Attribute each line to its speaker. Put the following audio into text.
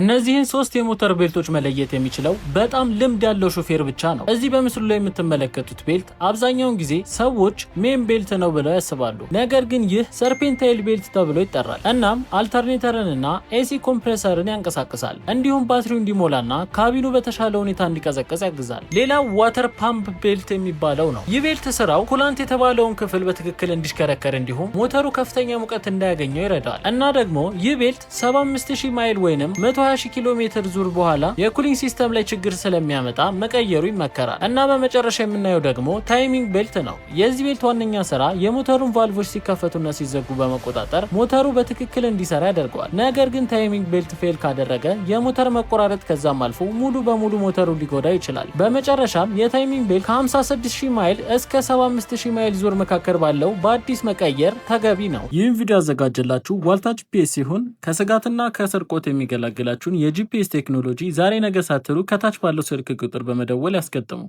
Speaker 1: እነዚህን ሶስት የሞተር ቤልቶች መለየት የሚችለው በጣም ልምድ ያለው ሾፌር ብቻ ነው። እዚህ በምስሉ ላይ የምትመለከቱት ቤልት አብዛኛውን ጊዜ ሰዎች ሜን ቤልት ነው ብለው ያስባሉ። ነገር ግን ይህ ሰርፔንታይል ቤልት ተብሎ ይጠራል። እናም አልተርኔተርንና ኤሲ ኮምፕሬሰርን ያንቀሳቅሳል። እንዲሁም ባትሪው እንዲሞላና ካቢኑ በተሻለ ሁኔታ እንዲቀዘቀዝ ያግዛል። ሌላው ዋተር ፓምፕ ቤልት የሚባለው ነው። ይህ ቤልት ስራው ኩላንት የተባለውን ክፍል በትክክል እንዲሽከረከር እንዲሁም ሞተሩ ከፍተኛ ሙቀት እንዳያገኘው ይረዳዋል እና ደግሞ ይህ ቤልት 75000 ማይል ወይንም ከ ኪሎ ሜትር ዙር በኋላ የኩሊንግ ሲስተም ላይ ችግር ስለሚያመጣ መቀየሩ ይመከራል። እና በመጨረሻ የምናየው ደግሞ ታይሚንግ ቤልት ነው። የዚህ ቤልት ዋነኛ ስራ የሞተሩን ቫልቮች ሲከፈቱና ሲዘጉ በመቆጣጠር ሞተሩ በትክክል እንዲሰራ ያደርገዋል። ነገር ግን ታይሚንግ ቤልት ፌል ካደረገ የሞተር መቆራረጥ ከዛም አልፎ ሙሉ በሙሉ ሞተሩ ሊጎዳ ይችላል። በመጨረሻም የታይሚንግ ቤልት ከ56000 ማይል እስከ 75000 ማይል ዙር መካከል ባለው በአዲስ መቀየር ተገቢ ነው።
Speaker 2: ይህን ቪዲዮ ያዘጋጀላችሁ ዋልታ ጂፒኤስ ሲሆን ከስጋትና ከስርቆት የሚገላግላል ያላችሁን የጂፒኤስ ቴክኖሎጂ ዛሬ ነገ ሳትሉ ከታች ባለው ስልክ ቁጥር በመደወል ያስገጥሙ።